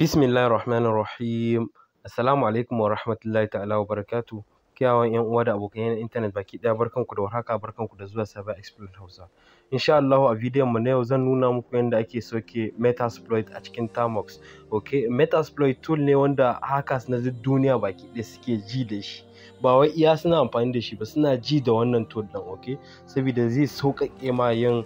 Bismillahi ar-Rahman ar-Rahim. Assalamu alaikum wa rahmatullahi ta'ala wa barakatu. Kiyawan ‘yan uwa da abokan na intanet baki ɗaya barkanku da warhaka barkanku da zuwa saba Exploit Hausa. Insha Allah a bidiyon mu na yau zan nuna muku yadda ake soke Metasploit a cikin Tamox. Okay, Metasploit tool ne wanda hackers na duk duniya baki ɗaya suke ji da shi. ba wai iya suna amfani da shi ba suna ji da wannan tool ɗin okay saboda zai sauƙaƙe ma yin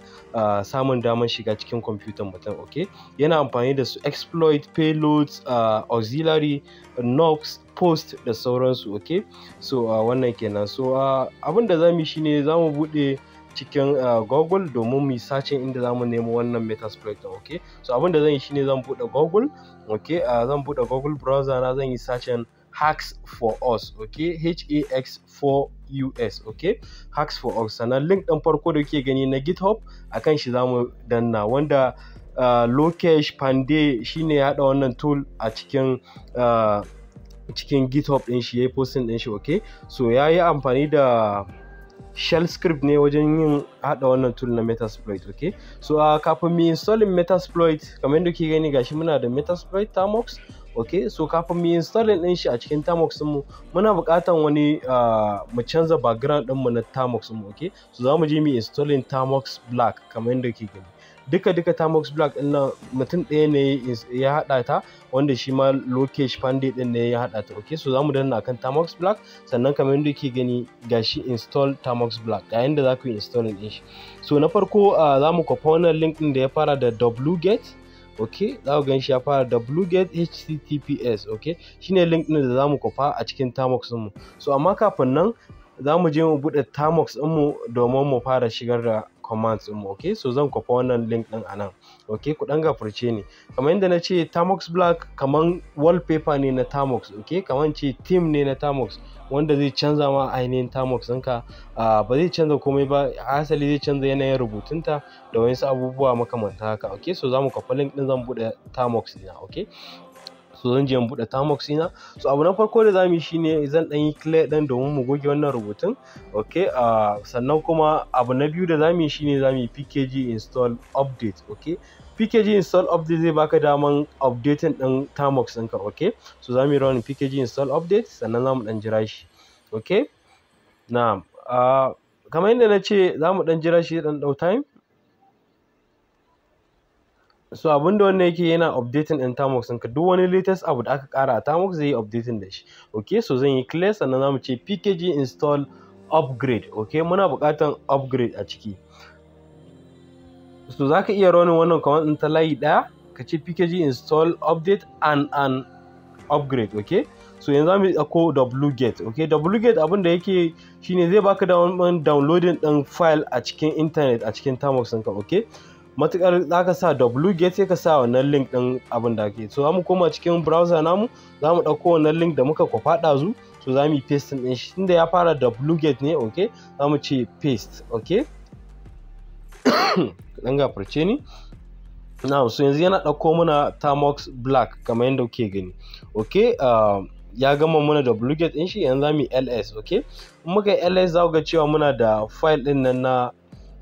samun damar shiga cikin kwamfutan mutum okay yana amfani da su exploit payloads auxiliary nox post da sauransu okay so wannan kenan so abin da za shine za mu buɗe cikin google domin mu sacin inda zamu nemo wannan metasploit din okay so abin da zan yi shine zan bude google okay zan bude google browser na zan yi sacin hacks for us okay hax for us okay hacks for us sannan link ɗin farko da kuke gani na github akan shi zamu danna wanda uh, lokesh pandey shine ya hada wannan tool a cikin uh, cikin github ɗin shi yi posting ɗin shi okay so ya yi amfani da shell script ne wajen yin hada wannan tool na metasploit okay so uh, kafin mi installing metasploit kamar yadda kuke gani gashi muna da metasploit tamox ok so kafin mu installing din shi a cikin tamox din mu muna buƙatan wani ah, mu canza background din mu na tamox mu ok so za mu je mu installing tamox black kamar yadda ke gani duka duka tamox black din nan mutum ɗaya ne ya haɗa ta wanda shi ma lokesh pandey din ne ya haɗa ta ok so za mu danna kan tamox black sannan kamar yadda ke gani gashi install tamox black ga yadda za ku yi installing din shi so na farko ah, za mu kwafa wannan link din da ya fara da wget ok za ku gan shi ya fara da bluegate https ok shine link ɗin da zamu mu kwafa a cikin tamox mu so amma kafin nan za mu je mu buɗe tamox mu domin mu fara shigar da commands mu ok so zan kwafa wannan link ɗin anan okay ok ku ɗan gafurce ni kamar yadda na ce tamox black kamar wallpaper ne na tamox ok kamar ce theme ne na tamox wanda zai canza ma ainihin tamox ɗinka ah, ba zai canza komai ba asali zai canza yanayin rubutunta da wasu abubuwa makamanta haka ok so za mu kwafa link ɗin zan buɗe tamox ɗina ok so zan je in buɗe tamox ina so abu na farko da zamu yi shine zan ɗan yi clear dan domin mu goge wannan rubutun ok sannan kuma abu na biyu da zamu yi shine zamu yi pkg install update okay pkg install update zai baka daman updating din tamox ɗinka okay so zamu yi running pkg install update sannan zamu ɗan jira shi okay na'am kamar yadda na ce za mu ɗan jira shi ɗan dau time so abinda wannan yake yana updating din tamox ɗinka duk wani latest abu da aka ƙara a tamox zai yi updating da shi ok so zan yi clear sannan zamu ce pkg install upgrade ok muna buƙatan upgrade a ciki so za ka iya running wannan kamar in ta layi ɗaya ka ce pkg install update and an upgrade ok so yanzu zamu ko wget ok wget abin da yake shine zai baka damar downloading ɗin file a cikin internet a cikin tamox ɗinka ok matukar za ka sa wgate sai ka sa wannan link ɗin abin da ke so za mu koma cikin browser namu za mu ɗauko wannan link da muka kwafa zu so za mu yi paste ɗin shi tunda ya fara wgate ne ok za mu ce paste ok ɗan gafarce ni na so yanzu yana ɗauko mana tamox black kamar yadda kuke gani ok ah, ya gama mana da ɗin shi yanzu za mu yi ls ok in muka yi ls za ku ga cewa muna da file ɗin nan na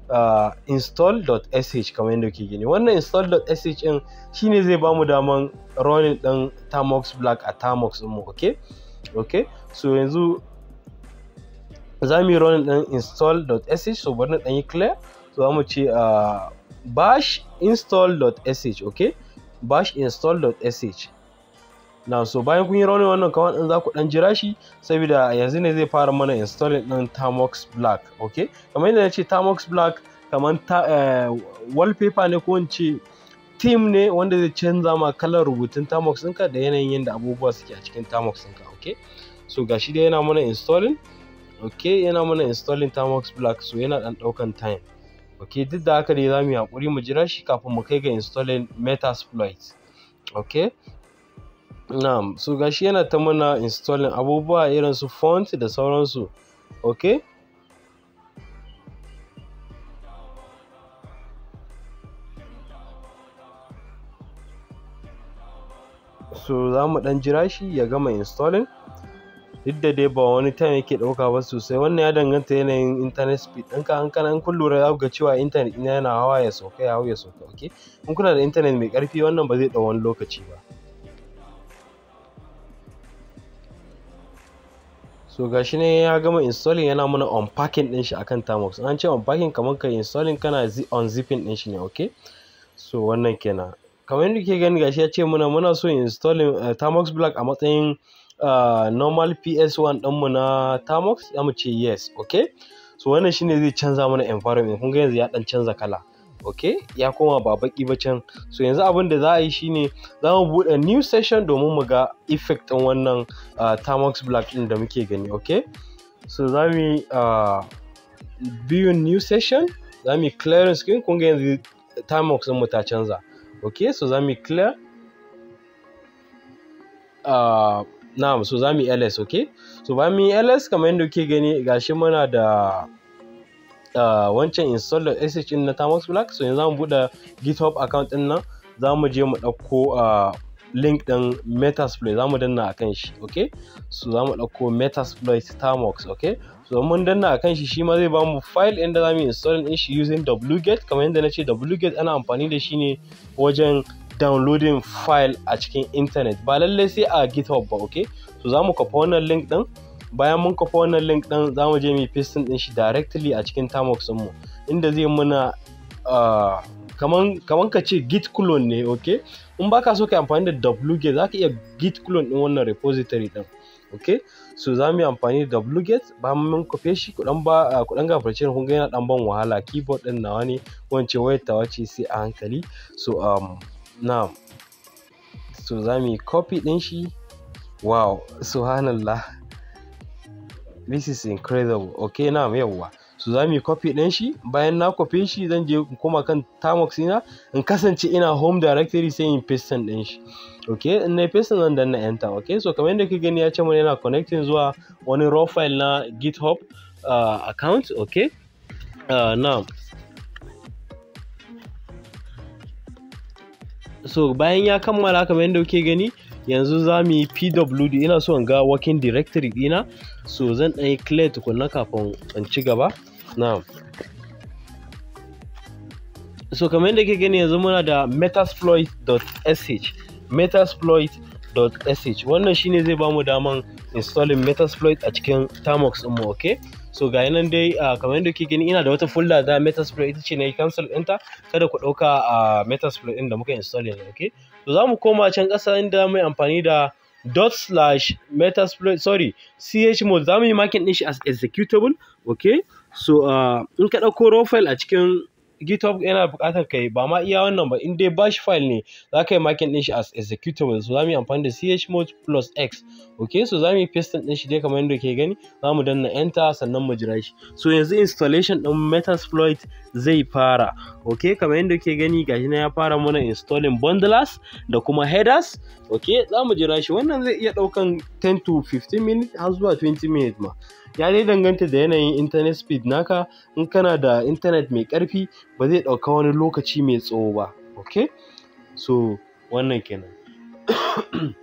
uh, install.sh kamar yadda kuke gani wannan install.sh in shine zai bamu daman running din tamox black a tamox mu okay okay so yanzu za mu yi running din install.sh so bari na dan yi clear so za mu ce uh, bash install.sh okay bash install.sh na so bayan kun yi raunin wannan kawan din za ku dan jira shi saboda yanzu ne zai fara mana installing din tamox black okay kamar yadda nace tamox black kamar ta, eh, wallpaper ne ko in ce theme ne wanda zai canza ma kalar rubutun tamox ɗinka da yanayin yadda abubuwa suke a cikin tamox ɗinka okay so gashi dai yana mana installing okay yana mana installing tamox black so yana dan ɗaukan time okay duk da haka dai za mu yi hakuri mu jira shi kafin mu kai ga installing metasploit okay na'am so gashi yana ta mana installing abubuwa irin su font da sauransu okay so za mu dan jira shi ya gama installing duk da dai ba wani time yake ɗauka ba sosai wannan ya danganta yanayin internet speed ɗinka an kana kun lura za ga cewa internet ina yana hawa ya sauka ya hau ya sauka okay in kuna da internet mai ƙarfi wannan ba zai ɗau wani lokaci ba so gashi ne ya gama installing yana mana unpacking din shi akan tamox an ce unpacking kamar ka installing kana unzipping din shi ne okay so wannan kenan kamar yadda kuke gani gashi ya ce muna muna so installing uh, eh, tamox black a matsayin uh, normal ps1 ɗinmu na tamox ya mu ce yes okay so wannan shine zai canza mana environment kun ga yanzu ya dan canza kala ok ya koma ba baki ba can so yanzu abin da za a yi shine za mu bude new session domin mu ga effect din wannan uh, ah, tamox black ɗin da muke gani ok so za mu yi ah, new session za mu yi clearing screen kun ga yanzu tamox din mu ta canza ok so za mu clear uh, ah, na so za mu ls ok so ba mu ls kamar yadda kuke gani gashi muna da Uh, wancan installer SSH na Thomas Black so yanzu zamu buɗe GitHub account din nan zamu je mu ɗauko uh, link ɗin Metasploit zamu danna akan shi okay so zamu ɗauko Metasploit Tamox okay so mun danna akan shi shi ma zai bamu file inda zamu install din shi using wget kamar yadda ce wget ana amfani da shi ne wajen downloading file a cikin internet ba lallai sai a github ba okay so zamu kafa wannan link ɗin bayan mun kafa wannan link din za mu je mu pasting din shi directly a cikin tamox mu inda zai muna kaman kaman ka ce git clone ne okay in baka so ka amfani da wget za iya git clone din wannan repository din okay so za mu yi amfani da wget bayan mun kofe shi kudan ba kudan gafarce kun ga yana dan ban wahala keyboard din nawa ne wance wayar ta ce sai a hankali so um na so za mu yi copy din shi wow subhanallah this is incredible ok na yawwa so za mu yi kwafi ɗin shi bayan na kwafi shi zan je koma kan tamox ina in kasance ina home directory sai in piston ɗin shi ok in na paste zan danna enter ok so kamar yadda ka gani ya ce mana yana connecting zuwa wani raw file na github uh, account ok uh, so bayan ya kammala kamar yadda kuke gani yanzu za mu yi pwd ina so in ga working directory dina so zan ɗan yi clear tukunna kafin in ci gaba Na. so kamar yadda ke gani yanzu muna da metasploit.sh metasploit.sh wannan shine zai bamu daman installing metasploit a cikin tamox mu okay so ga nan dai uh, kamar yadda ke gani ina da wata folder da metasploit ita ce na yi cancel ɗinta kada ku ɗauka a uh, metasploit din da muka install yanzu okay to za mu koma can ƙasa inda mai amfani da dot slash metasploit sorry Ch za mu yi makin ɗin shi as executable okay so uh, in ka ɗauko raw file a cikin GitHub yana buƙatar kai ba ma iya wannan ba in dai bash file ne za ka yi makin ɗin shi as executable so za mu yi amfani da chmod plus x ok so za mu yi paste ɗin shi dai kamar yadda ke gani za mu danna enter sannan mu jira shi so yanzu installation ɗin metasploit zai fara ok kamar yadda ke gani gashi na ya fara mana installing bundlers da kuma headers ok za mu jira shi wannan zai iya ɗaukan 10 to 15 minutes har zuwa 20 minutes ma ya dai danganta da yanayin internet speed naka in kana da internet mai ƙarfi ba zai ɗauka wani lokaci mai tsawo ba ok so wannan kenan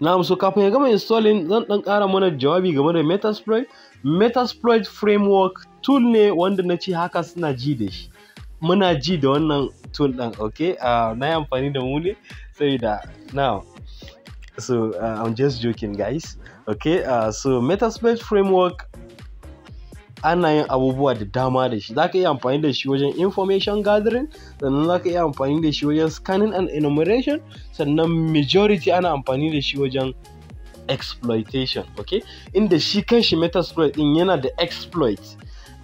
na so kafin ya gama installing zan ɗan ƙara mana jawabi game da metasploit metasploit framework tool ne wanda na ce haka suna ji da shi muna ji da wannan tool ɗin okay ah, na yi amfani da mu ne da now so uh, i'm just joking guys okay uh, so metaspace framework ana yin abubuwa da dama da shi zaka iya amfani da shi wajen information gathering sannan zaka iya amfani da shi wajen scanning and enumeration sannan majority ana amfani da shi wajen exploitation okay inda shi kanshi metasploit din yana da exploit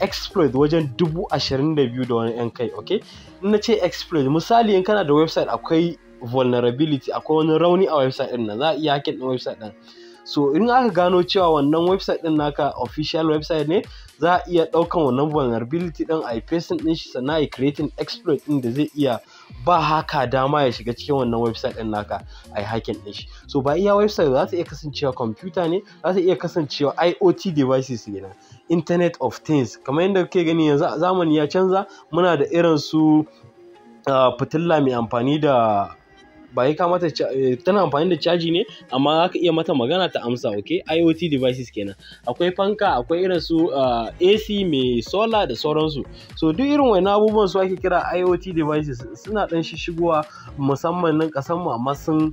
exploit wajen dubu ashirin da biyu da wani yan kai okay in na ce exploit misali in kana da website akwai vulnerability akwai wani rauni a website ɗin na, za a iya hakin ɗin website ɗin so in aka gano cewa wannan website ɗin naka official website ne za a iya ɗaukan wannan vulnerability ɗin a yi pasting ɗin shi sannan a creating exploit ɗin da zai iya ba haka dama ya shiga cikin wannan website ɗin naka a yi hacking ɗin shi so ba iya website za ta iya kasancewa computer ne za ta iya kasancewa IoT devices ne na internet of things kamar yadda kuke gani yanzu zamani ya canza muna da irin su ah, fitilla mai amfani da ba ya ta eh, tana amfani da caji ne amma za ka iya mata magana ta amsa ok iot devices kenan akwai fanka akwai irin su ac ah, mai solar da sauransu so duk irin wani abubuwan su ake kira iot devices suna dan shigowa musamman nan kasanmu amma sun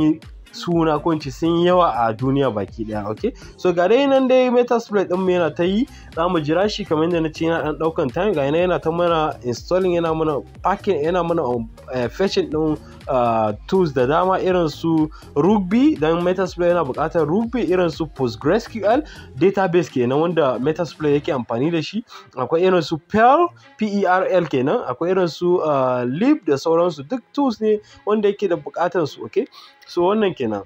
yi suna ko sun yi yawa a duniya baki daya okay so ga dai nan dai metasploit din mu yana ta yi za mu jira shi kamar yadda na ce yana dan daukan time ga yana ta mana installing yana mana packing yana mana eh, fetching din ah, tools da dama irin su Ruby dan Metasploit yana buƙatar Ruby irin su PostgreSQL database kenan wanda Metasploit yake amfani da shi akwai irin su Perl PERL kenan akwai irin su ah, Lib da sauransu duk tools ne wanda yake da bukatar su okay so wannan kenan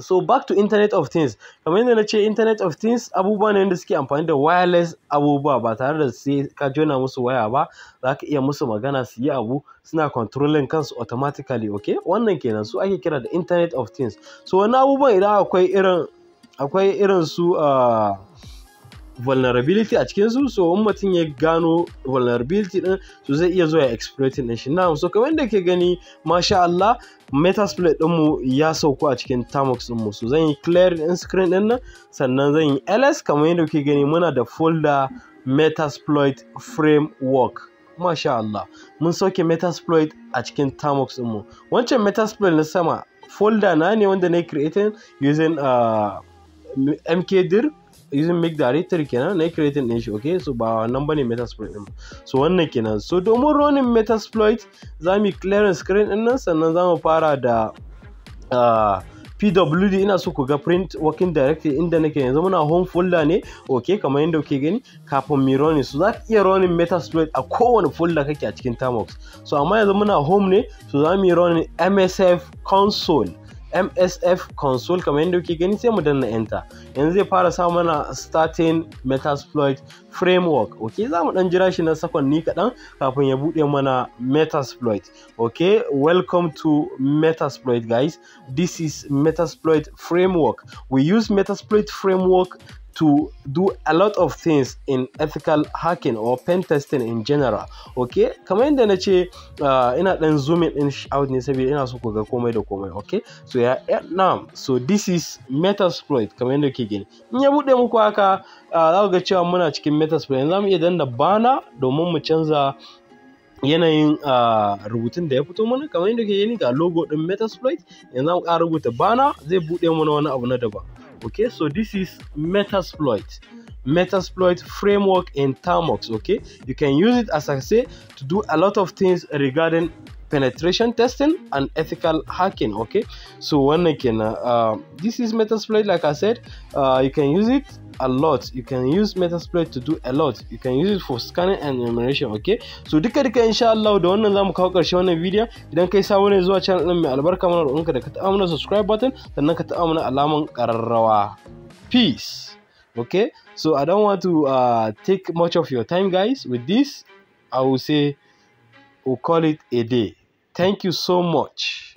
so back to internet of things kamar yadda na ce internet of things abubuwa ne wanda suke amfani da wireless abubuwa ba tare da sai ka jona musu waya ba za ka iya musu magana su yi abu suna controlling kansu automatically okay wannan kenan su ake kira da internet of things so wani abubuwan idan akwai irin su uh, vulnerability a cikin su so in mutum ya gano vulnerability din so zai iya zuwa exploiting din shi na so kamar da ke gani masha Allah metasploit din mu ya sauko a cikin tamox mu so zan yi clear din screen din nan sannan zan yi ls kamar yadda kuke gani muna da folder metasploit framework masha Allah mun sauke metasploit a cikin tamox mu wancan metasploit na sama folder na ne wanda na creating using uh, ah, mkdir using make directory kenan na creating din shi okay so ba wannan bane metasploit din so wannan kenan so domin running metasploit za mu clearing screen din nan sannan za mu fara da ah, pwd ina so ku ga print working directory inda nake yanzu muna home folder ne okay, kamar yadda kuke gani kafin mi run so za ka iya running metasploit a kowane folder kake a cikin tamox so amma yanzu muna home ne so za mu yi running msf console msf console kamar yadda kuke gani sai mu danna enter yanzu zai fara sa mana starting metasploit framework ok za mu dan jira shi na sakonni kaɗan kafin ya buɗe mana metasploit ok welcome to metasploit guys this is metasploit framework we use metasploit framework to do a lot of things in ethical hacking or pen testing in general okay kamar yadda na ce ah, ina dan zooming in out ne saboda ina so ku ga komai da komai okay so ya yeah, yeah, so this is metasploit kamar yadda ke gani in ya bude muku haka ah, za ku ga cewa muna cikin metasploit za mu iya danna bana domin mu canza yanayin ah, rubutun da ya fito mana kamar yadda ke gani ga logo din metasploit yanzu mu ƙara rubuta bana zai bude mana wani abu na daban okay so this is metasploit metasploit framework in Tamox. okay you can use it as i say to do a lot of things regarding penetration testing and ethical hacking okay so when i can uh, uh, this is metasploit like i said uh, you can use it a lot you can use metasploit to do a lot you can use it for scanning and enumeration okay so duka duka insha Allah da wannan zamu kawo karshe wannan bidiyon idan kai sabo ne zuwa channel din mai albarka mana roƙonka da ka ta'amuna subscribe button sannan ka ta'amuna alaman ƙararrawa peace okay so i don't want to uh, take much of your time guys with this i will say we'll call it a day thank you so much